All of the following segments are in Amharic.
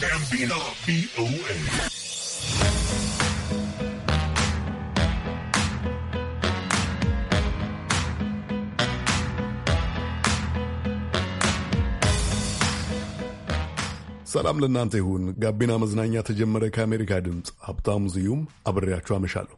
ጋቢና ሰላም ለእናንተ ይሁን። ጋቢና መዝናኛ ተጀመረ። ከአሜሪካ ድምፅ ሀብታሙ ዝዩም አብሬያችሁ አመሻለሁ።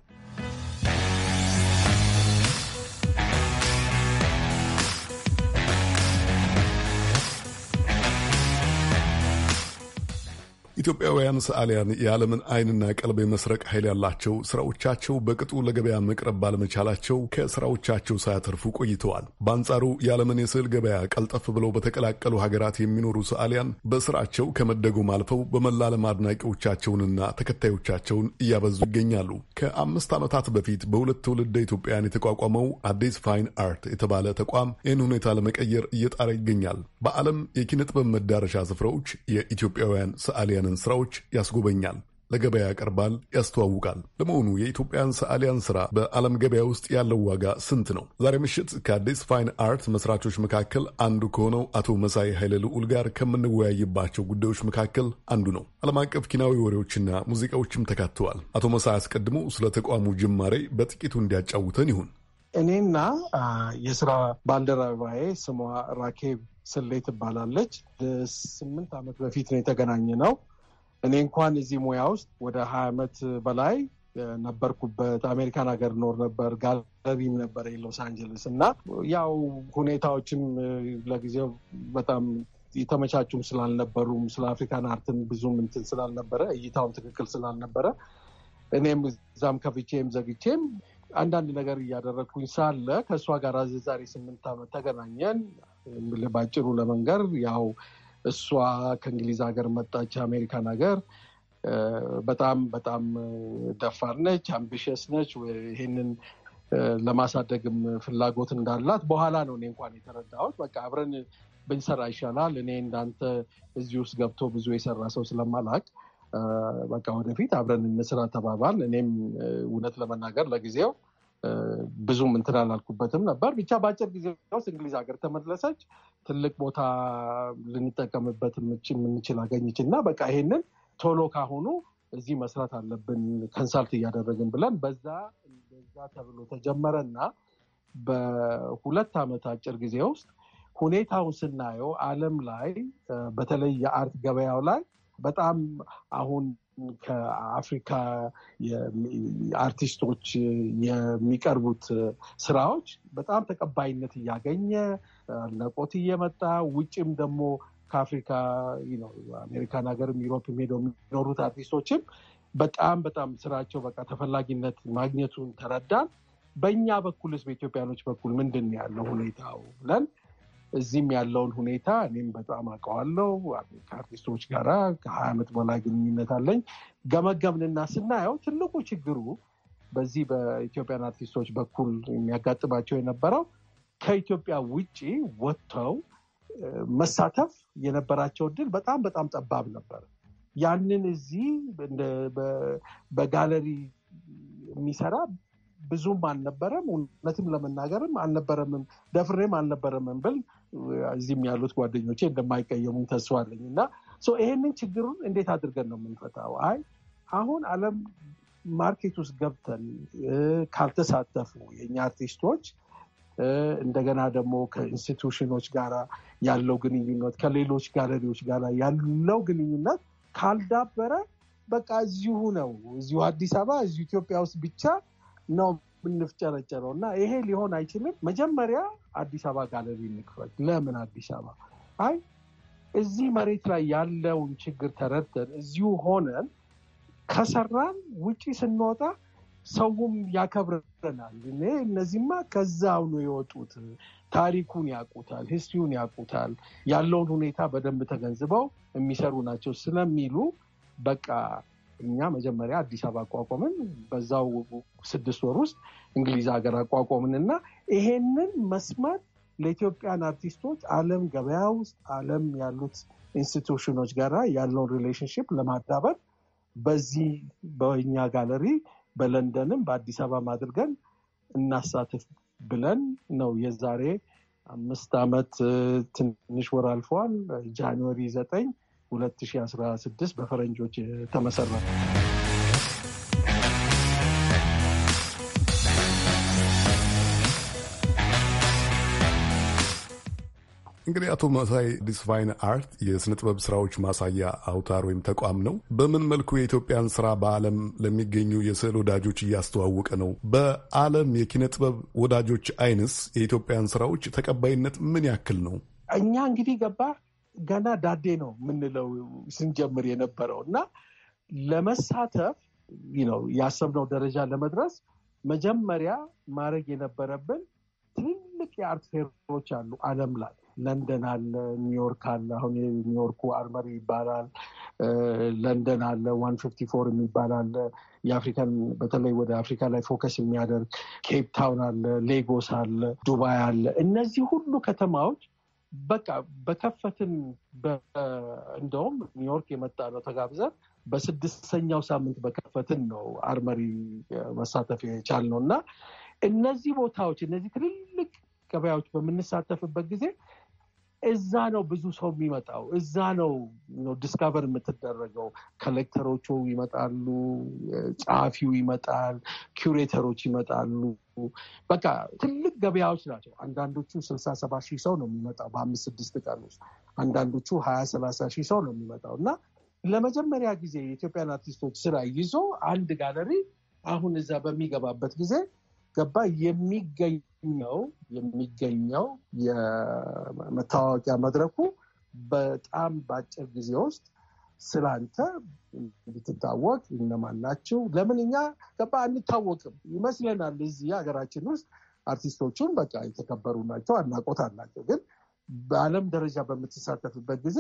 ኢትዮጵያውያን ሰዓሊያን የዓለምን ዓይንና ቀልብ የመስረቅ ኃይል ያላቸው ስራዎቻቸው በቅጡ ለገበያ መቅረብ ባለመቻላቸው ከስራዎቻቸው ሳያተርፉ ቆይተዋል። በአንጻሩ የዓለምን የስዕል ገበያ ቀልጠፍ ብለው በተቀላቀሉ ሀገራት የሚኖሩ ሰዓሊያን በስራቸው ከመደጎም አልፈው በመላለም አድናቂዎቻቸውንና ተከታዮቻቸውን እያበዙ ይገኛሉ። ከአምስት ዓመታት በፊት በሁለት ትውልደ ኢትዮጵያን የተቋቋመው አዲስ ፋይን አርት የተባለ ተቋም ይህን ሁኔታ ለመቀየር እየጣረ ይገኛል። በዓለም የኪነጥበብ መዳረሻ ስፍራዎች የኢትዮጵያውያን ሰዓሊያን የስዕልን ስራዎች ያስጎበኛል፣ ለገበያ ያቀርባል፣ ያስተዋውቃል። ለመሆኑ የኢትዮጵያን ሰዓሊያን ስራ በዓለም ገበያ ውስጥ ያለው ዋጋ ስንት ነው? ዛሬ ምሽት ከአዲስ ፋይን አርት መስራቾች መካከል አንዱ ከሆነው አቶ መሳይ ኃይለ ልዑል ጋር ከምንወያይባቸው ጉዳዮች መካከል አንዱ ነው። ዓለም አቀፍ ኪናዊ ወሬዎችና ሙዚቃዎችም ተካተዋል። አቶ መሳይ አስቀድሞ ስለ ተቋሙ ጅማሬ በጥቂቱ እንዲያጫውተን ይሁን። እኔና የስራ ባልደረባዬ ስሟ ራኬብ ስሌ ትባላለች። ስምንት ዓመት በፊት ነው የተገናኘ ነው። እኔ እንኳን እዚህ ሙያ ውስጥ ወደ ሀያ ዓመት በላይ ነበርኩበት። አሜሪካን ሀገር ኖር ነበር ጋለሪም ነበር የሎስ አንጀለስ እና ያው ሁኔታዎችም ለጊዜው በጣም የተመቻቹም ስላልነበሩም ስለ አፍሪካን አርትን ብዙም እንትን ስላልነበረ እይታውን ትክክል ስላልነበረ እኔም እዛም ከፍቼም ዘግቼም አንዳንድ ነገር እያደረግኩኝ ሳለ ከእሷ ጋር ዛሬ ስምንት ዓመት ተገናኘን። ባጭሩ ለመንገር ያው እሷ ከእንግሊዝ ሀገር መጣች አሜሪካን ሀገር። በጣም በጣም ደፋር ነች፣ አምቢሽስ ነች። ይሄንን ለማሳደግም ፍላጎት እንዳላት በኋላ ነው እኔ እንኳን የተረዳሁት። በቃ አብረን ብንሰራ ይሻላል። እኔ እንዳንተ እዚህ ውስጥ ገብቶ ብዙ የሰራ ሰው ስለማላቅ በቃ ወደፊት አብረን እንስራ ተባባል። እኔም እውነት ለመናገር ለጊዜው ብዙም እንትን አላልኩበትም ነበር። ብቻ በአጭር ጊዜ ውስጥ እንግሊዝ ሀገር ተመለሰች። ትልቅ ቦታ ልንጠቀምበት የምንችል አገኘች እና በቃ ይሄንን ቶሎ ካሁኑ እዚህ መስራት አለብን ከንሳልት እያደረግን ብለን በዛ እንደዛ ተብሎ እና በሁለት ዓመት አጭር ጊዜ ውስጥ ሁኔታውን ስናየው ዓለም ላይ በተለይ የአርት ገበያው ላይ በጣም አሁን ከአፍሪካ አርቲስቶች የሚቀርቡት ስራዎች በጣም ተቀባይነት እያገኘ አድናቆት እየመጣ ውጭም ደግሞ ከአፍሪካ አሜሪካን ሀገርም ዩሮፕ ሄደው የሚኖሩት አርቲስቶችም በጣም በጣም ስራቸው በቃ ተፈላጊነት ማግኘቱን ተረዳን። በእኛ በኩልስ በኢትዮጵያኖች በኩል ምንድን ያለው ሁኔታው ብለን እዚህም ያለውን ሁኔታ እኔም በጣም አውቀዋለሁ። ከአርቲስቶች ጋራ ከሀያ ዓመት በላይ ግንኙነት አለኝ። ገመገምንና ስናየው ትልቁ ችግሩ በዚህ በኢትዮጵያን አርቲስቶች በኩል የሚያጋጥማቸው የነበረው ከኢትዮጵያ ውጭ ወጥተው መሳተፍ የነበራቸው እድል በጣም በጣም ጠባብ ነበር። ያንን እዚህ በጋለሪ የሚሰራ ብዙም አልነበረም። እውነትም ለመናገርም አልነበረምም፣ ደፍሬም አልነበረምም ብል እዚህም ያሉት ጓደኞቼ እንደማይቀየሙ ተስፋ አለኝ እና ይህንን ችግሩን እንዴት አድርገን ነው የምንፈታው? አይ አሁን ዓለም ማርኬት ውስጥ ገብተን ካልተሳተፉ የእኛ አርቲስቶች እንደገና ደግሞ ከኢንስቲቱሽኖች ጋር ያለው ግንኙነት ከሌሎች ጋለሪዎች ጋር ያለው ግንኙነት ካልዳበረ በቃ እዚሁ ነው፣ እዚሁ አዲስ አበባ፣ እዚሁ ኢትዮጵያ ውስጥ ብቻ ነው ምንፍጨረጨረው እና ይሄ ሊሆን አይችልም። መጀመሪያ አዲስ አበባ ጋለሪ እንክፈት። ለምን አዲስ አበባ? አይ እዚህ መሬት ላይ ያለውን ችግር ተረድተን እዚሁ ሆነን ከሰራን ውጪ ስንወጣ ሰውም ያከብረናል። እኔ እነዚህማ ከዛው ነው የወጡት፣ ታሪኩን ያውቁታል፣ ሂስትሪውን ያውቁታል፣ ያለውን ሁኔታ በደንብ ተገንዝበው የሚሰሩ ናቸው ስለሚሉ በቃ እኛ መጀመሪያ አዲስ አበባ አቋቋምን። በዛው ስድስት ወር ውስጥ እንግሊዝ ሀገር አቋቋምን እና ይሄንን መስመር ለኢትዮጵያን አርቲስቶች ዓለም ገበያ ውስጥ ዓለም ያሉት ኢንስቲቱሽኖች ጋራ ያለውን ሪሌሽንሽፕ ለማዳበር በዚህ በኛ ጋለሪ በለንደንም በአዲስ አበባ አድርገን እናሳትፍ ብለን ነው የዛሬ አምስት ዓመት ትንሽ ወር አልፏል። ጃንዋሪ ዘጠኝ 2016 በፈረንጆች ተመሰረተ። እንግዲህ አቶ መሳይ ዲስፋይን አርት የስነ ጥበብ ስራዎች ማሳያ አውታር ወይም ተቋም ነው። በምን መልኩ የኢትዮጵያን ስራ በዓለም ለሚገኙ የስዕል ወዳጆች እያስተዋወቀ ነው? በዓለም የኪነ ጥበብ ወዳጆች አይንስ የኢትዮጵያን ስራዎች ተቀባይነት ምን ያክል ነው? እኛ እንግዲህ ገባ ገና ዳዴ ነው የምንለው ስንጀምር የነበረው እና ለመሳተፍ ነው ያሰብነው ደረጃ ለመድረስ መጀመሪያ ማድረግ የነበረብን ትልልቅ የአርት ፌሮች አሉ አለም ላይ ለንደን አለ፣ ኒውዮርክ አለ። አሁን ኒውዮርኩ አርመሪ ይባላል። ለንደን አለ፣ ዋን ፊፍቲ ፎር የሚባል አለ። የአፍሪካን በተለይ ወደ አፍሪካ ላይ ፎከስ የሚያደርግ ኬፕ ታውን አለ፣ ሌጎስ አለ፣ ዱባይ አለ። እነዚህ ሁሉ ከተማዎች በቃ በከፈትን። እንደውም ኒውዮርክ የመጣ ነው ተጋብዘን በስድስተኛው ሳምንት በከፈትን ነው አርመሪ መሳተፍ ነው እና እነዚህ ቦታዎች እነዚህ ትልልቅ ገበያዎች በምንሳተፍበት ጊዜ እዛ ነው ብዙ ሰው የሚመጣው። እዛ ነው ዲስካቨር የምትደረገው። ከሌክተሮቹ ይመጣሉ፣ ጸሐፊው ይመጣል፣ ኪዩሬተሮች ይመጣሉ። በቃ ትልቅ ገበያዎች ናቸው። አንዳንዶቹ ስልሳ ሰባ ሺህ ሰው ነው የሚመጣው በአምስት ስድስት ቀን ውስጥ፣ አንዳንዶቹ ሀያ ሰላሳ ሺህ ሰው ነው የሚመጣው እና ለመጀመሪያ ጊዜ የኢትዮጵያን አርቲስቶች ስራ ይዞ አንድ ጋለሪ አሁን እዛ በሚገባበት ጊዜ ገባ የሚገኘው የሚገኘው የመታወቂያ መድረኩ በጣም በአጭር ጊዜ ውስጥ ስላንተ እንድትታወቅ እነማን ናቸው? ለምን እኛ ገባ አንታወቅም ይመስለናል። እዚህ ሀገራችን ውስጥ አርቲስቶቹን በቃ የተከበሩ ናቸው፣ አድናቆት አላቸው። ግን በዓለም ደረጃ በምትሳተፍበት ጊዜ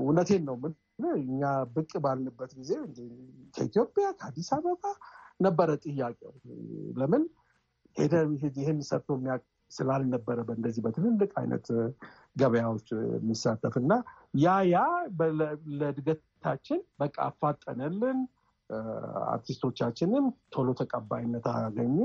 እውነቴን ነው ምን እኛ ብቅ ባልንበት ጊዜ ከኢትዮጵያ ከአዲስ አበባ ነበረ ጥያቄው። ለምን ሄደ ይህን ሰርቶ የሚያውቅ ስላልነበረ በእንደዚህ በትልልቅ አይነት ገበያዎች የሚሳተፍ እና ያ ያ ለእድገታችን በቃ አፋጠነልን። አርቲስቶቻችንም ቶሎ ተቀባይነት አገኙ።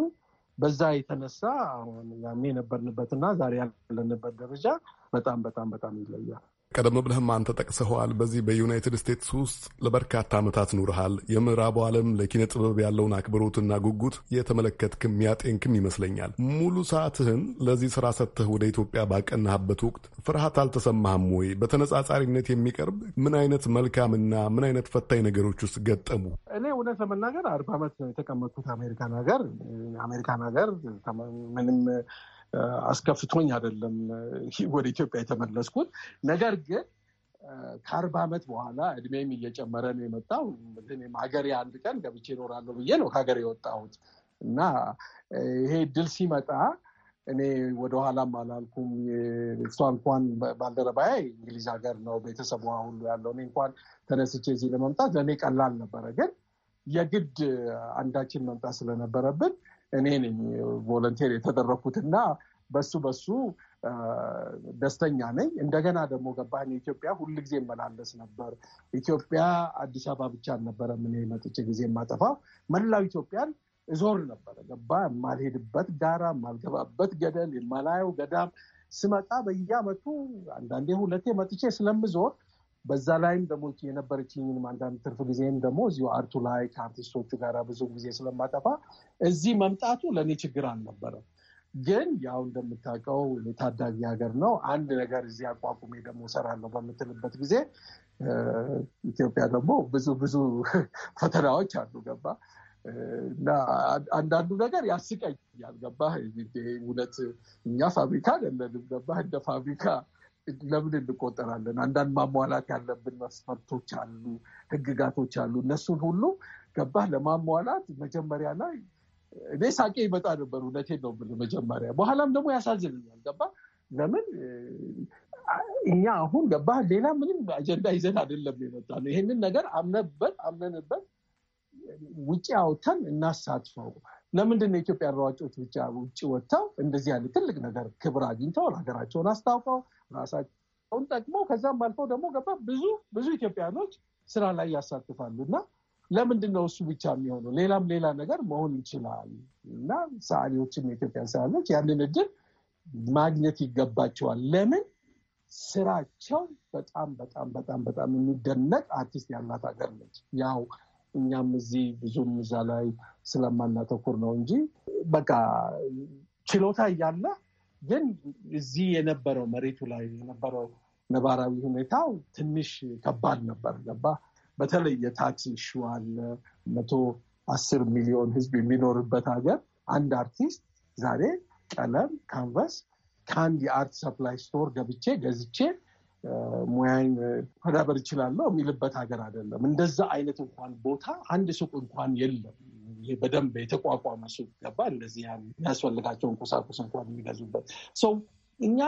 በዛ የተነሳ አሁን ያኔ የነበርንበትና ዛሬ ያለንበት ደረጃ በጣም በጣም በጣም ይለያል። ቀደም ብለህም አንተ ጠቅሰኸዋል። በዚህ በዩናይትድ ስቴትስ ውስጥ ለበርካታ ዓመታት ኑርሃል። የምዕራቡ ዓለም ለኪነ ጥበብ ያለውን አክብሮትና ጉጉት የተመለከትክም ያጤንክም ይመስለኛል። ሙሉ ሰዓትህን ለዚህ ስራ ሰጥተህ ወደ ኢትዮጵያ ባቀናህበት ወቅት ፍርሃት አልተሰማህም ወይ? በተነጻጻሪነት የሚቀርብ ምን አይነት መልካምና ምን አይነት ፈታኝ ነገሮች ውስጥ ገጠሙ? እኔ እውነት ለመናገር አርባ ዓመት የተቀመጥኩት አሜሪካን ሀገር አሜሪካን ሀገር ምንም አስከፍቶኝ አይደለም ወደ ኢትዮጵያ የተመለስኩት። ነገር ግን ከአርባ ዓመት በኋላ እድሜም እየጨመረ ነው የመጣው። ሀገር አንድ ቀን ገብቼ እኖራለሁ ብዬ ነው ከሀገር የወጣሁት እና ይሄ ድል ሲመጣ እኔ ወደኋላም አላልኩም። እሷ እንኳን ባልደረባዬ እንግሊዝ ሀገር ነው ቤተሰቧ ሁሉ ያለው። እኔ እንኳን ተነስቼ እዚህ ለመምጣት ለእኔ ቀላል ነበረ፣ ግን የግድ አንዳችን መምጣት ስለነበረብን እኔ ነኝ ቮለንቴር የተደረኩትና በሱ በሱ ደስተኛ ነኝ። እንደገና ደግሞ ገባህን የኢትዮጵያ ሁል ጊዜ መላለስ ነበር። ኢትዮጵያ አዲስ አበባ ብቻ አልነበረም። እኔ መጥቼ ጊዜ የማጠፋው መላው ኢትዮጵያን እዞር ነበረ። ገባህ የማልሄድበት ጋራ፣ የማልገባበት ገደል፣ የማላየው ገዳም ስመጣ በየአመቱ አንዳንዴ ሁለቴ መጥቼ ስለምዞር በዛ ላይም ደግሞ የነበረችኝንም አንዳንድ ትርፍ ጊዜም ደግሞ እዚሁ አርቱ ላይ ከአርቲስቶቹ ጋር ብዙ ጊዜ ስለማጠፋ እዚህ መምጣቱ ለእኔ ችግር አልነበረም። ግን ያው እንደምታውቀው የታዳጊ ሀገር ነው። አንድ ነገር እዚህ አቋቁሜ ደግሞ እሰራለሁ በምትልበት ጊዜ ኢትዮጵያ ደግሞ ብዙ ብዙ ፈተናዎች አሉ። ገባ እና አንዳንዱ ነገር ያስቀኛል። ገባ እውነት እኛ ፋብሪካ አይደለንም። ገባ እንደ ፋብሪካ ለምን እንቆጠራለን? አንዳንድ ማሟላት ያለብን መስፈርቶች አሉ፣ ህግጋቶች አሉ። እነሱን ሁሉ ገባህ ለማሟላት መጀመሪያ ላይ እኔ ሳቄ ይመጣ ነበር። እውነቴን ነው የምልህ። መጀመሪያ በኋላም ደግሞ ያሳዝንኛል። ገባህ ለምን እኛ አሁን ገባህ ሌላ ምንም አጀንዳ ይዘን አይደለም የመጣ ነው። ይህንን ነገር አምነበት አምነንበት ውጭ አውተን እናሳትፈው። ለምንድን ነው የኢትዮጵያ ሯጮች ብቻ ውጭ ወጥተው እንደዚህ ያለ ትልቅ ነገር ክብር አግኝተው ሀገራቸውን አስታውቀው ራሳቸውን ጠቅሞ ከዛም አልፈው ደግሞ ገባ ብዙ ብዙ ኢትዮጵያኖች ስራ ላይ ያሳትፋሉ እና ለምንድን ነው እሱ ብቻ የሚሆነው? ሌላም ሌላ ነገር መሆን ይችላል እና ሰዓሊዎችም የኢትዮጵያ ሰዓሊዎች ያንን እድል ማግኘት ይገባቸዋል። ለምን ስራቸው በጣም በጣም በጣም በጣም የሚደነቅ አርቲስት ያላት ሀገር ነች። ያው እኛም እዚህ ብዙም እዛ ላይ ስለማናተኩር ነው እንጂ በቃ ችሎታ እያለ ግን እዚህ የነበረው መሬቱ ላይ የነበረው ነባራዊ ሁኔታው ትንሽ ከባድ ነበር። ገባ በተለይ የታክስ ሹ አለ። መቶ አስር ሚሊዮን ህዝብ የሚኖርበት ሀገር አንድ አርቲስት ዛሬ ቀለም፣ ካንቨስ ከአንድ የአርት ሰፕላይ ስቶር ገብቼ ገዝቼ ሙያን ማዳበር ይችላለሁ የሚልበት ሀገር አይደለም። እንደዛ አይነት እንኳን ቦታ አንድ ሱቅ እንኳን የለም። በደንብ የተቋቋመ ሱቅ ገባ እንደዚህ የሚያስፈልጋቸውን ቁሳቁስ እንኳን የሚገዙበት ሰው እኛ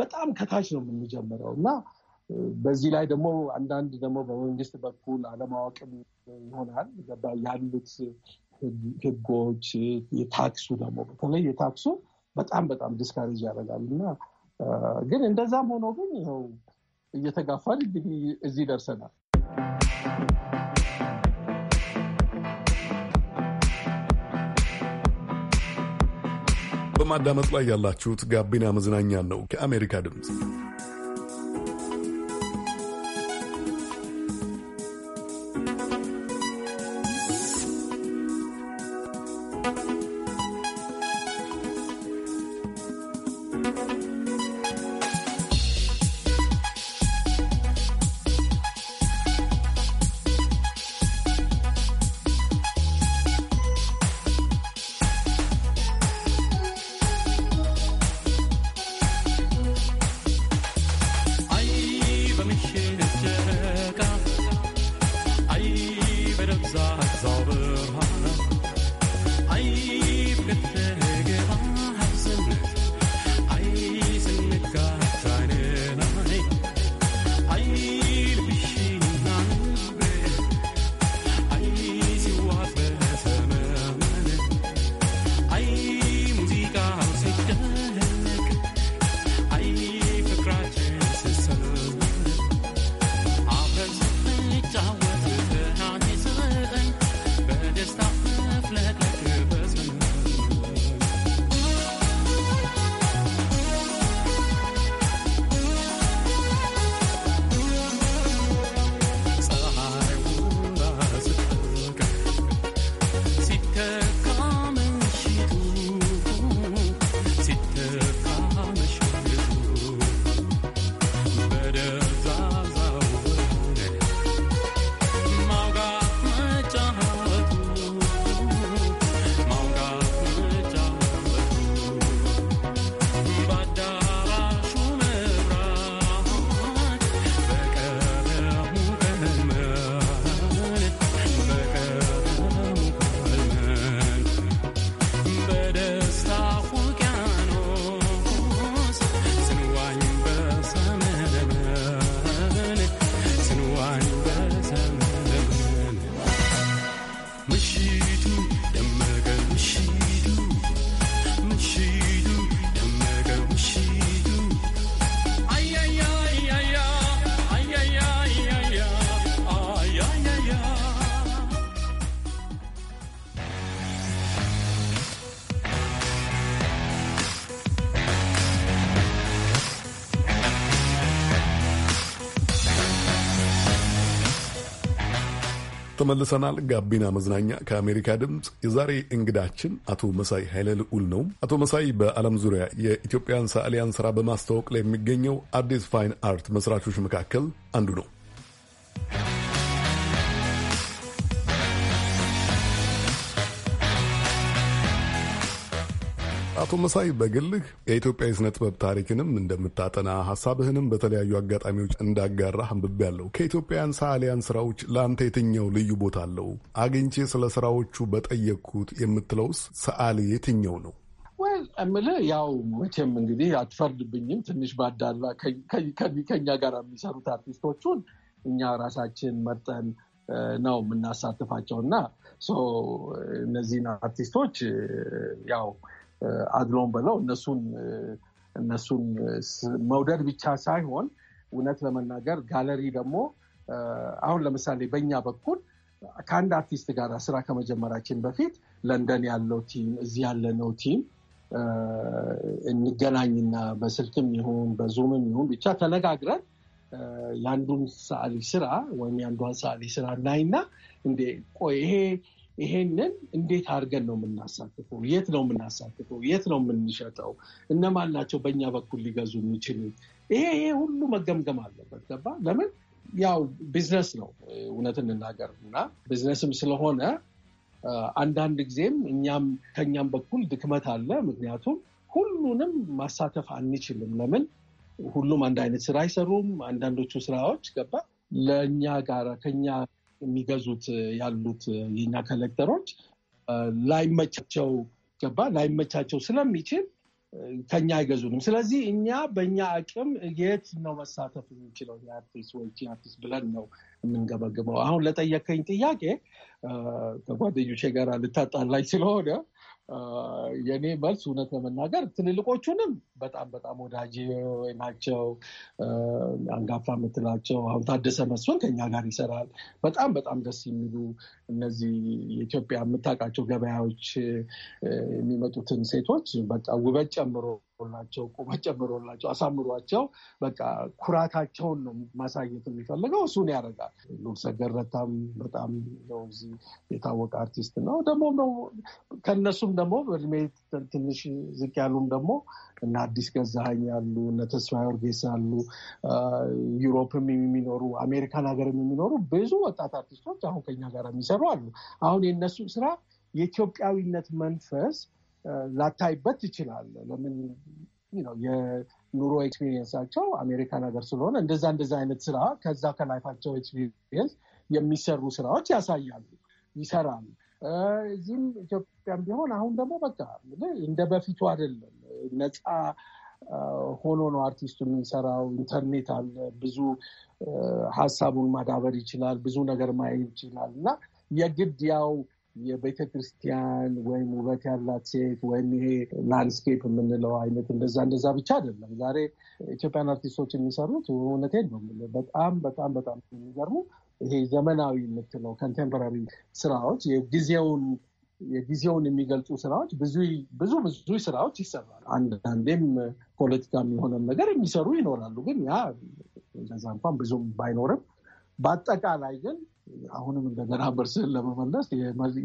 በጣም ከታች ነው የምንጀምረው እና በዚህ ላይ ደግሞ አንዳንድ ደግሞ በመንግስት በኩል አለማወቅም ይሆናል ገባ ያሉት ህጎች የታክሱ ደግሞ በተለይ የታክሱ በጣም በጣም ዲስካሬጅ ያደርጋል እና ግን እንደዛም ሆኖ ግን ይኸው እየተጋፋል እንግዲህ እዚህ ደርሰናል። በማዳመጥ ላይ ያላችሁት ጋቢና መዝናኛ ነው ከአሜሪካ ድምፅ ተመልሰናል። ጋቢና መዝናኛ ከአሜሪካ ድምፅ። የዛሬ እንግዳችን አቶ መሳይ ኃይለ ልዑል ነው። አቶ መሳይ በዓለም ዙሪያ የኢትዮጵያን ሰዓሊያን ስራ በማስተዋወቅ ላይ የሚገኘው አዲስ ፋይን አርት መስራቾች መካከል አንዱ ነው። አቶ መሳይ በግልህ የኢትዮጵያ የስነ ጥበብ ታሪክንም እንደምታጠና ሀሳብህንም በተለያዩ አጋጣሚዎች እንዳጋራ አንብቤ ያለው ከኢትዮጵያውያን ሰዓሊያን ስራዎች ለአንተ የትኛው ልዩ ቦታ አለው? አግኝቼ ስለ ስራዎቹ በጠየቅኩት የምትለውስ ሰዓሊ የትኛው ነው? እምልህ ያው መቼም እንግዲህ አትፈርድብኝም። ትንሽ ባዳላ ከኛ ጋር የሚሰሩት አርቲስቶቹን እኛ ራሳችን መጠን ነው የምናሳትፋቸው እና እነዚህን አርቲስቶች ያው አድሎን ብለው እነሱን እነሱን መውደድ ብቻ ሳይሆን እውነት ለመናገር ጋለሪ ደግሞ አሁን ለምሳሌ በእኛ በኩል ከአንድ አርቲስት ጋር ስራ ከመጀመራችን በፊት ለንደን ያለው ቲም እዚህ ያለነው ቲም እንገናኝና በስልክም ይሁን በዙምም ይሁን ብቻ ተነጋግረን የአንዱን ሰዓሊ ስራ ወይም የአንዷን ሰዓሊ ስራ እናይና እንዴ ቆይ ይሄ ይሄንን እንዴት አድርገን ነው የምናሳትፈው? የት ነው የምናሳትፈው? የት ነው የምንሸጠው? እነማን ናቸው በእኛ በኩል ሊገዙ የሚችሉት? ይሄ ይሄ ሁሉ መገምገም አለበት። ገባ? ለምን ያው ቢዝነስ ነው እውነት እንናገር እና ቢዝነስም ስለሆነ አንዳንድ ጊዜም እኛም ከእኛም በኩል ድክመት አለ። ምክንያቱም ሁሉንም ማሳተፍ አንችልም። ለምን ሁሉም አንድ አይነት ስራ አይሰሩም። አንዳንዶቹ ስራዎች ገባ ለእኛ ጋር ከኛ የሚገዙት ያሉት የኛ ከሌክተሮች ላይመቻቸው ገባ ላይመቻቸው ስለሚችል ከኛ አይገዙንም። ስለዚህ እኛ በእኛ አቅም የት ነው መሳተፍ የሚችለው የአርቲስት ወይ አርቲስት ብለን ነው የምንገመግመው። አሁን ለጠየከኝ ጥያቄ ከጓደኞቼ ጋር ልታጣላኝ ስለሆነ የኔ መልስ እውነት ለመናገር ትልልቆቹንም በጣም በጣም ወዳጅ ናቸው። አንጋፋ የምትላቸው አሁን ታደሰ መስፍን ከኛ ጋር ይሰራል። በጣም በጣም ደስ የሚሉ እነዚህ የኢትዮጵያ የምታውቃቸው ገበያዎች የሚመጡትን ሴቶች በቃ ውበት ጨምሮ ላቸው ቁመት ጨምሮላቸው አሳምሯቸው በቃ ኩራታቸውን ነው ማሳየት የሚፈልገው። እሱን ያደርጋል። ሉልሰገድ በጣም ነው እዚህ የታወቀ አርቲስት ነው። ደግሞ ከእነሱም ደግሞ በእድሜ ትንሽ ዝቅ ያሉም ደግሞ እነ አዲስ ገዛሀኝ ያሉ እነ ተስፋ ኦርጌሳ ያሉ ዩሮፕም የሚኖሩ አሜሪካን ሀገርም የሚኖሩ ብዙ ወጣት አርቲስቶች አሁን ከኛ ጋር የሚሰሩ አሉ። አሁን የእነሱ ስራ የኢትዮጵያዊነት መንፈስ ላታይበት ይችላል። ለምን የኑሮ ኤክስፒሪየንሳቸው አሜሪካን ሀገር ስለሆነ እንደዛ እንደዛ አይነት ስራ ከዛ ከላይፋቸው ኤክስፒሪየንስ የሚሰሩ ስራዎች ያሳያሉ፣ ይሰራሉ። እዚህም ኢትዮጵያም ቢሆን አሁን ደግሞ በቃ እንደ በፊቱ አይደለም። ነፃ ሆኖ ነው አርቲስቱ የሚሰራው። ኢንተርኔት አለ፣ ብዙ ሀሳቡን ማዳበር ይችላል፣ ብዙ ነገር ማየት ይችላል እና የግድ ያው የቤተክርስቲያን ወይም ውበት ያላት ሴት ወይም ይሄ ላንድስኬፕ የምንለው አይነት እንደዛ እንደዛ ብቻ አይደለም። ዛሬ ኢትዮጵያን አርቲስቶች የሚሰሩት እውነቴን ነው በጣም በጣም በጣም የሚገርሙ ይሄ ዘመናዊ የምትለው ኮንቴምፖራሪ ስራዎች የጊዜውን የጊዜውን የሚገልጹ ስራዎች ብዙ ብዙ ብዙ ስራዎች ይሰራሉ። አንዳንዴም ፖለቲካ የሚሆነም ነገር የሚሰሩ ይኖራሉ። ግን ያ እንደዛ እንኳን ብዙም ባይኖርም በአጠቃላይ ግን አሁንም እንደገና በርስህን ለመመለስ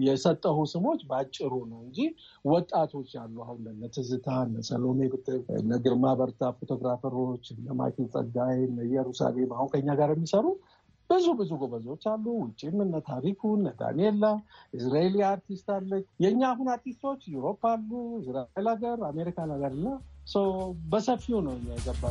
የሰጠሁ ስሞች በአጭሩ ነው እንጂ ወጣቶች ያሉ አሁን እነ ትዝታ፣ እነ ሰሎሜ ብትል፣ እነ ግርማ በርታ ፎቶግራፈሮች፣ እነ ማይክል ጸጋይ፣ እነ ኢየሩሳሌም አሁን ከኛ ጋር የሚሰሩ ብዙ ብዙ ጎበዞች አሉ። ውጭም እነ ታሪኩ፣ እነ ዳንኤላ፣ እስራኤል አርቲስት አለች። የእኛ አሁን አርቲስቶች ዩሮፕ አሉ፣ እስራኤል ሀገር፣ አሜሪካን ሀገር እና በሰፊው ነው የገባ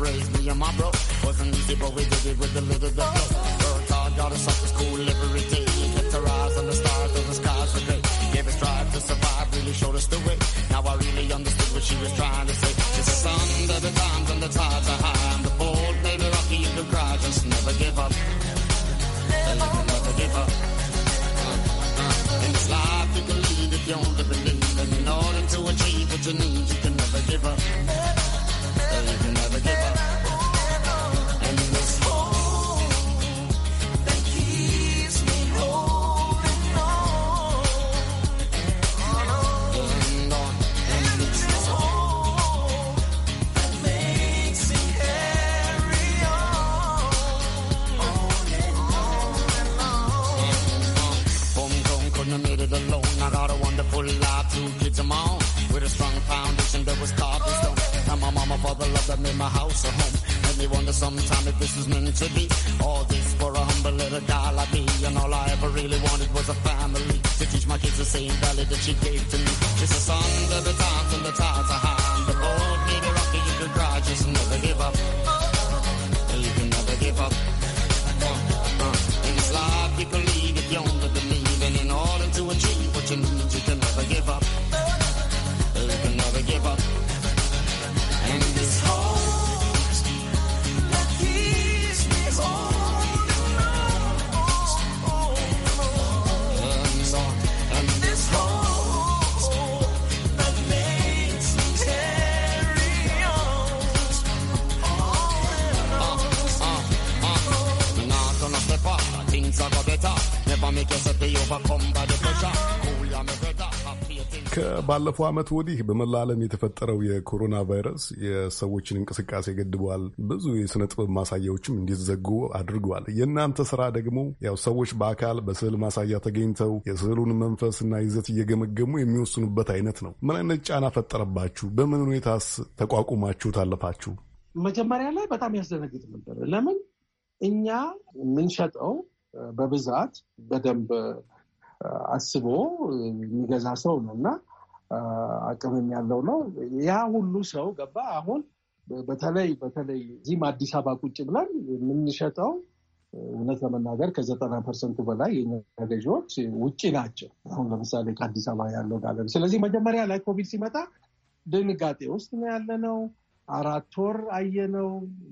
raised me and my bro. Wasn't easy, but we did it with a little bit of Worked hard, got us up to school every day. Kept our eyes on the stars, though the skies were gray. Gave us drive to survive, really showed us the way. Now I really understood what she was trying to say. It's the son, there times and the tides are high. And the bold baby, rocky, you can cry, just never give up. Never, give up. In this life, you can lead if you only believe. And in order to achieve what you need, you can to achieve what you need, you can never give up. ባለፈው ዓመት ወዲህ በመላ ዓለም የተፈጠረው የኮሮና ቫይረስ የሰዎችን እንቅስቃሴ ገድበዋል። ብዙ የስነ ጥበብ ማሳያዎችም እንዲዘጉ አድርገዋል። የእናንተ ስራ ደግሞ ያው ሰዎች በአካል በስዕል ማሳያ ተገኝተው የስዕሉን መንፈስና ይዘት እየገመገሙ የሚወስኑበት አይነት ነው። ምን አይነት ጫና ፈጠረባችሁ? በምን ሁኔታስ ተቋቁማችሁ ታለፋችሁ? መጀመሪያ ላይ በጣም ያስደነግጥ ነበር። ለምን እኛ የምንሸጠው በብዛት በደንብ አስቦ የሚገዛ ሰው ነው እና አቅምም ያለው ነው። ያ ሁሉ ሰው ገባ። አሁን በተለይ በተለይ እዚህም አዲስ አበባ ቁጭ ብለን የምንሸጠው እውነት ለመናገር ከዘጠና ፐርሰንቱ በላይ የኛ ገዢዎች ውጭ ናቸው። አሁን ለምሳሌ ከአዲስ አበባ ያለው ጋለ ስለዚህ መጀመሪያ ላይ ኮቪድ ሲመጣ ድንጋጤ ውስጥ ነው ያለነው። አራት ወር አየነው።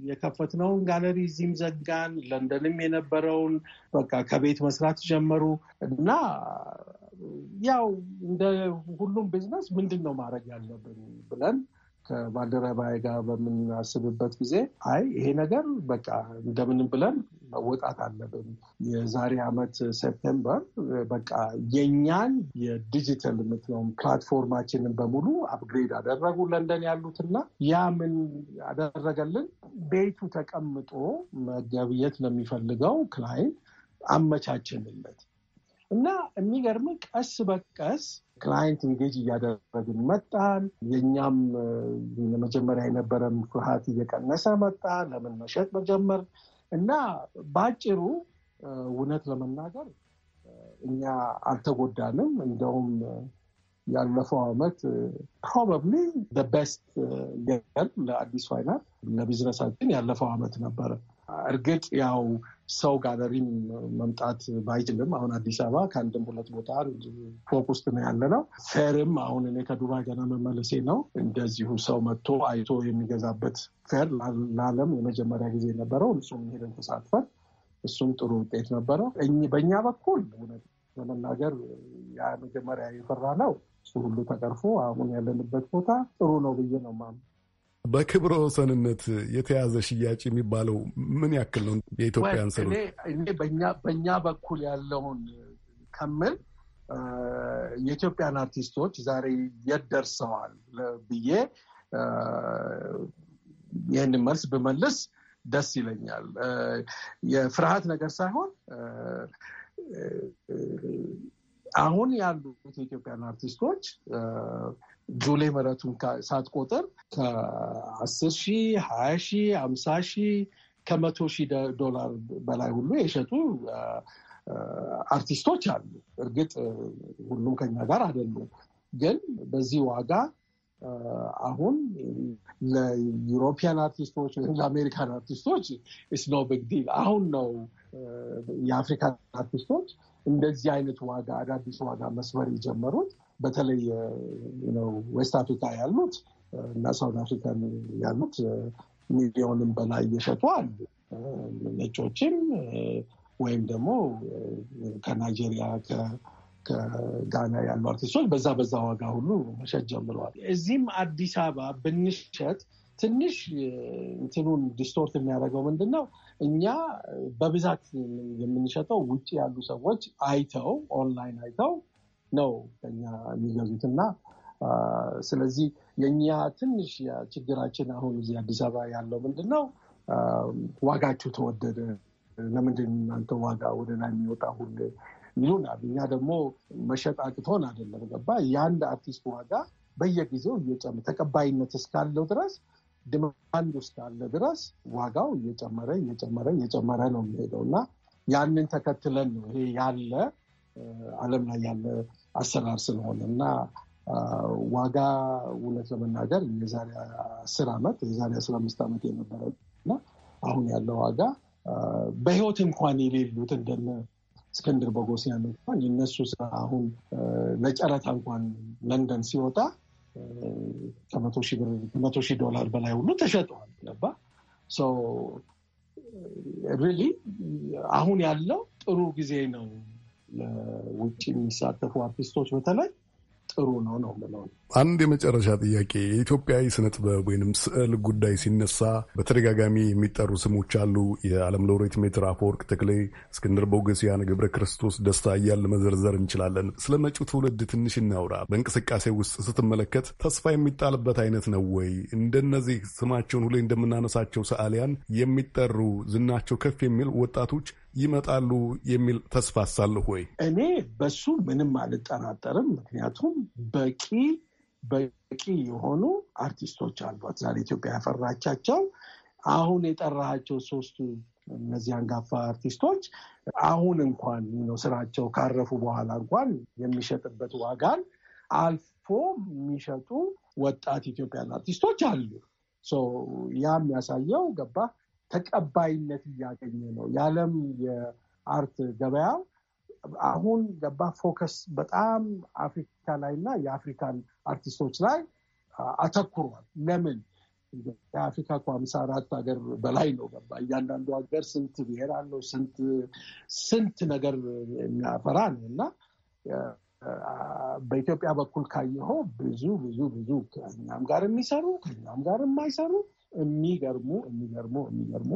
የከፈትነውን ጋለሪ እዚህም ዘጋን፣ ለንደንም የነበረውን በቃ ከቤት መስራት ጀመሩ እና ያው እንደ ሁሉም ቢዝነስ ምንድን ነው ማድረግ ያለብን ብለን ከባልደረባዬ ጋር በምናስብበት ጊዜ አይ ይሄ ነገር በቃ እንደምንም ብለን መወጣት አለብን። የዛሬ ዓመት ሴፕቴምበር በቃ የኛን የዲጂታል የምትለውም ፕላትፎርማችንን በሙሉ አፕግሬድ አደረጉ ለንደን ያሉትና፣ ያ ምን ያደረገልን ቤቱ ተቀምጦ መገብየት ለሚፈልገው ክላይንት አመቻችንለት። እና የሚገርም ቀስ በቀስ ክላይንት እንጌጅ እያደረግን መጣን። የእኛም ለመጀመሪያ የነበረን ፍርሃት እየቀነሰ መጣ። ለምን መሸጥ መጀመር እና በአጭሩ እውነት ለመናገር እኛ አልተጎዳንም። እንደውም ያለፈው ዓመት ፕሮባብሊ ቤስት ገል ለአዲስ ፋይናል ለቢዝነሳችን ያለፈው ዓመት ነበረ። እርግጥ ያው ሰው ጋለሪም መምጣት ባይችልም አሁን አዲስ አበባ ከአንድም ሁለት ቦታ ፎቅ ውስጥ ነው ያለ ነው። ፌርም አሁን እኔ ከዱባይ ገና መመለሴ ነው። እንደዚሁ ሰው መጥቶ አይቶ የሚገዛበት ፌር ለዓለም የመጀመሪያ ጊዜ ነበረው። እሱም ሄደን ተሳትፈን እሱም ጥሩ ውጤት ነበረው። በእኛ በኩል እውነት ለመናገር ያ መጀመሪያ የፈራ ነው እሱ ሁሉ ተቀርፎ አሁን ያለንበት ቦታ ጥሩ ነው ብዬ ነው ማምነው። በክብረ ወሰንነት የተያዘ ሽያጭ የሚባለው ምን ያክል ነው? የኢትዮጵያን ሰ እኔ በእኛ በኩል ያለውን ከምል የኢትዮጵያን አርቲስቶች ዛሬ የት ደርሰዋል ብዬ ይህን መልስ ብመልስ ደስ ይለኛል። የፍርሃት ነገር ሳይሆን አሁን ያሉት የኢትዮጵያን አርቲስቶች ጁሌ ምረቱን ቆጥር ከአስር ሺ ሀያ ሺ አምሳ ሺ ከመቶ ሺ ዶላር በላይ ሁሉ የሸጡ አርቲስቶች አሉ። እርግጥ ሁሉም ከኛ ጋር አይደሉም። ግን በዚህ ዋጋ አሁን ለዩሮፒያን አርቲስቶች ወይም ለአሜሪካን አርቲስቶች ስኖ ቢግ ዲል አሁን ነው የአፍሪካን አርቲስቶች እንደዚህ አይነት ዋጋ አዳዲስ ዋጋ መስበር የጀመሩት በተለይ ዌስት አፍሪካ ያሉት እና ሳውት አፍሪካን ያሉት ሚሊዮንም በላይ እየሸጡ አሉ። ነጮችም ወይም ደግሞ ከናይጄሪያ ከጋና ያሉ አርቲስቶች በዛ በዛ ዋጋ ሁሉ መሸጥ ጀምረዋል። እዚህም አዲስ አበባ ብንሸጥ ትንሽ እንትኑን ዲስቶርት የሚያደርገው ምንድን ነው? እኛ በብዛት የምንሸጠው ውጭ ያሉ ሰዎች አይተው ኦንላይን አይተው ነው ከኛ የሚገዙት እና ስለዚህ የእኛ ትንሽ ችግራችን አሁን እዚህ አዲስ አበባ ያለው ምንድን ነው? ዋጋችሁ ተወደደ፣ ለምንድን እናንተ ዋጋ ወደ ላይ የሚወጣ ሁሉ ይሉናል። እኛ ደግሞ መሸጥ አቅቶን አይደለም ገባ የአንድ አርቲስት ዋጋ በየጊዜው እየጨመረ ተቀባይነት እስካለው ድረስ ድማንድ ያለ ድረስ ዋጋው እየጨመረ እየጨመረ እየጨመረ ነው የሚሄደው እና ያንን ተከትለን ነው ይሄ ያለ ዓለም ላይ ያለ አሰራር ስለሆነ እና ዋጋ እውነት ለመናገር የዛሬ አስር ዓመት የዛሬ አስራ አምስት ዓመት የነበረ እና አሁን ያለ ዋጋ በህይወት እንኳን የሌሉት እንደነ እስክንድር ቦጎሲያን እንኳን የነሱ ስራ አሁን ለጨረታ እንኳን ለንደን ሲወጣ ከመቶ ሺህ ዶላር በላይ ሁሉ ተሸጠዋል። ገባ ሰው ሪሊ አሁን ያለው ጥሩ ጊዜ ነው። ለውጭ የሚሳተፉ አርቲስቶች በተለይ ጥሩ ነው ነው ምለው አንድ የመጨረሻ ጥያቄ። የኢትዮጵያዊ ስነ ጥበብ ወይንም ስዕል ጉዳይ ሲነሳ በተደጋጋሚ የሚጠሩ ስሞች አሉ። የዓለም ሎሬት ሜትር አፈወርቅ ተክሌ፣ እስክንድር ቦገሲያን፣ ገብረ ክርስቶስ ደስታ እያል መዘርዘር እንችላለን። ስለ መጪው ትውልድ ትንሽ እናውራ። በእንቅስቃሴ ውስጥ ስትመለከት ተስፋ የሚጣልበት አይነት ነው ወይ? እንደነዚህ ስማቸውን ሁሌ እንደምናነሳቸው ሰዓሊያን የሚጠሩ ዝናቸው ከፍ የሚል ወጣቶች ይመጣሉ የሚል ተስፋ አሳለሁ ወይ? እኔ በሱ ምንም አልጠራጠርም። ምክንያቱም በቂ በቂ የሆኑ አርቲስቶች አሏት። ዛሬ ኢትዮጵያ ያፈራቻቸው አሁን የጠራሃቸው ሶስቱ እነዚህ አንጋፋ አርቲስቶች አሁን እንኳን ነው ስራቸው ካረፉ በኋላ እንኳን የሚሸጥበት ዋጋን አልፎ የሚሸጡ ወጣት ኢትዮጵያን አርቲስቶች አሉ። ያ የሚያሳየው ገባ ተቀባይነት እያገኘ ነው። የዓለም የአርት ገበያ አሁን ገባ ፎከስ በጣም አፍሪካ ላይ እና የአፍሪካን አርቲስቶች ላይ አተኩሯል። ለምን የአፍሪካ እኮ ሀምሳ አራት ሀገር በላይ ነው ገባ እያንዳንዱ ሀገር ስንት ብሔር አለው ስንት ስንት ነገር የሚያፈራ ነው እና በኢትዮጵያ በኩል ካየኸው ብዙ ብዙ ብዙ ከኛም ጋር የሚሰሩ ከኛም ጋር የማይሰሩ የሚገርሙ የሚገርሙ የሚገርሙ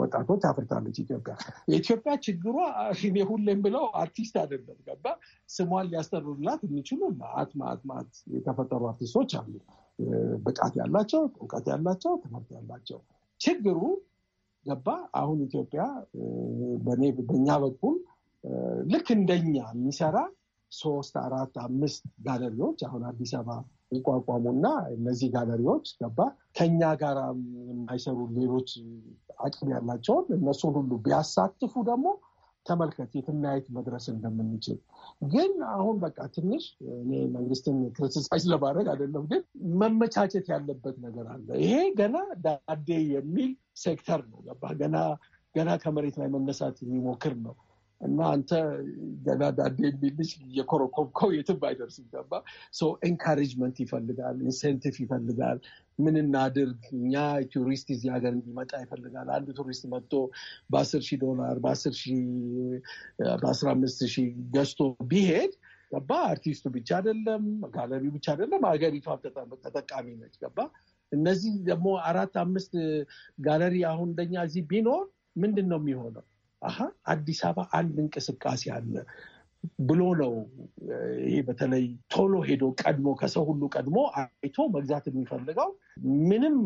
ወጣቶች አፍርታለች ኢትዮጵያ። የኢትዮጵያ ችግሯ እኔ ሁሌም ብለው አርቲስት አይደለም ገባ ስሟን ሊያስጠሩላት የሚችሉ ማዕት ማዕት የተፈጠሩ አርቲስቶች አሉ፣ ብቃት ያላቸው፣ እውቀት ያላቸው፣ ትምህርት ያላቸው። ችግሩ ገባ አሁን ኢትዮጵያ በእኔ በእኛ በኩል ልክ እንደኛ የሚሰራ ሶስት አራት አምስት ጋለሪዎች አሁን አዲስ አበባ ይቋቋሙና እነዚህ ጋለሪዎች ገባ ከኛ ጋር የማይሰሩ ሌሎች አቅም ያላቸውን እነሱን ሁሉ ቢያሳትፉ ደግሞ ተመልከት የትናየት መድረስ እንደምንችል ግን አሁን በቃ ትንሽ እኔ መንግስትን ክርስሳይ ለማድረግ አይደለም፣ ግን መመቻቸት ያለበት ነገር አለ። ይሄ ገና ዳዴ የሚል ሴክተር ነው። ገና ገና ከመሬት ላይ መነሳት የሚሞክር ነው። እና አንተ ገና ዳዴ የሚልሽ የኮረኮብከው የትም አይደርስም። ገባ ኤንካሬጅመንት ይፈልጋል፣ ኢንሴንቲቭ ይፈልጋል። ምን እናድርግ እኛ ቱሪስት እዚህ ሀገር እንዲመጣ ይፈልጋል። አንድ ቱሪስት መጥቶ በአስር ሺህ ዶላር በአስር ሺህ በአስራ አምስት ሺህ ገዝቶ ቢሄድ ገባ አርቲስቱ ብቻ አይደለም፣ ጋለሪው ብቻ አይደለም፣ ሀገሪቷ ተጠቃሚ ነች። ገባ እነዚህ ደግሞ አራት አምስት ጋለሪ አሁን እንደኛ እዚህ ቢኖር ምንድን ነው የሚሆነው? አሀ አዲስ አበባ አንድ እንቅስቃሴ አለ ብሎ ነው። ይሄ በተለይ ቶሎ ሄዶ ቀድሞ ከሰው ሁሉ ቀድሞ አይቶ መግዛት የሚፈልገው ምንም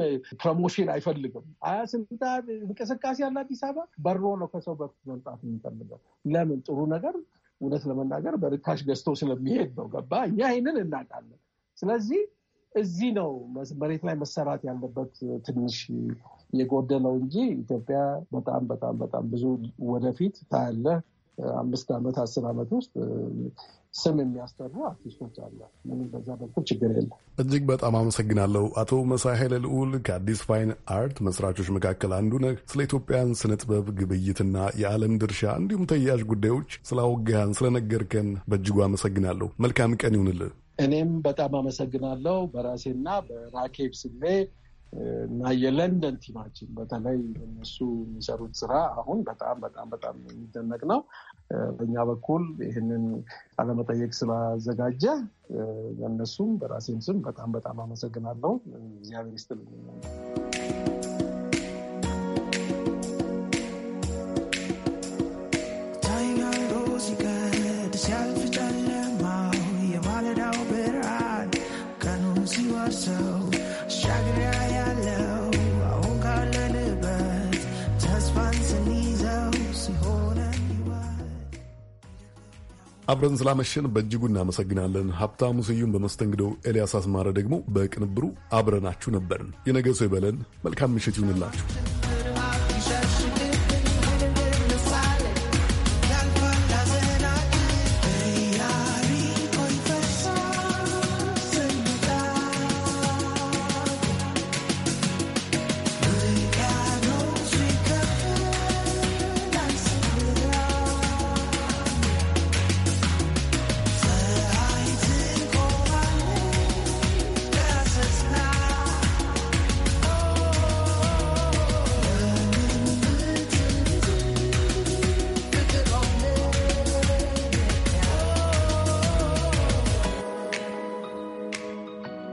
ፕሮሞሽን አይፈልግም። ስልጣን እንቅስቃሴ ያለ አዲስ አበባ በሮ ነው ከሰው በፊት መምጣት የሚፈልገው። ለምን ጥሩ ነገር እውነት ለመናገር በርካሽ ገዝቶ ስለሚሄድ ነው። ገባ? እኛ ይህንን እናውቃለን። ስለዚህ እዚህ ነው መሬት ላይ መሰራት ያለበት ትንሽ የጎደለው እንጂ ኢትዮጵያ በጣም በጣም በጣም ብዙ ወደፊት ታያለ። አምስት ዓመት አስር ዓመት ውስጥ ስም የሚያስጠሩ አርቲስቶች አለ። ምንም በዛ በኩል ችግር የለም። እጅግ በጣም አመሰግናለሁ አቶ መሳይ ኃይለ ልዑል ከአዲስ ፋይን አርት መስራቾች መካከል አንዱ ነህ። ስለ ኢትዮጵያን ስነ ጥበብ ግብይትና የዓለም ድርሻ እንዲሁም ተያያዥ ጉዳዮች ስላወጋህን፣ ስለነገርከን በእጅጉ አመሰግናለሁ። መልካም ቀን ይሁንልህ። እኔም በጣም አመሰግናለሁ በራሴና በራኬብ ስሜ እና የለንደን ቲማችን በተለይ እነሱ የሚሰሩት ስራ አሁን በጣም በጣም በጣም የሚደነቅ ነው። በእኛ በኩል ይህንን ቃለመጠየቅ ስላዘጋጀ ለእነሱም በራሴም ስም በጣም በጣም አመሰግናለሁ። እግዚአብሔር ይስጥልኝ። ጨለማው ሻግሪያ አብረን ስላመሸን በእጅጉ እናመሰግናለን። ሀብታሙ ስዩም በመስተንግዶው፣ ኤልያስ አስማረ ደግሞ በቅንብሩ አብረናችሁ ነበርን። የነገ ሰው ይበለን። መልካም ምሽት ይሁንላችሁ።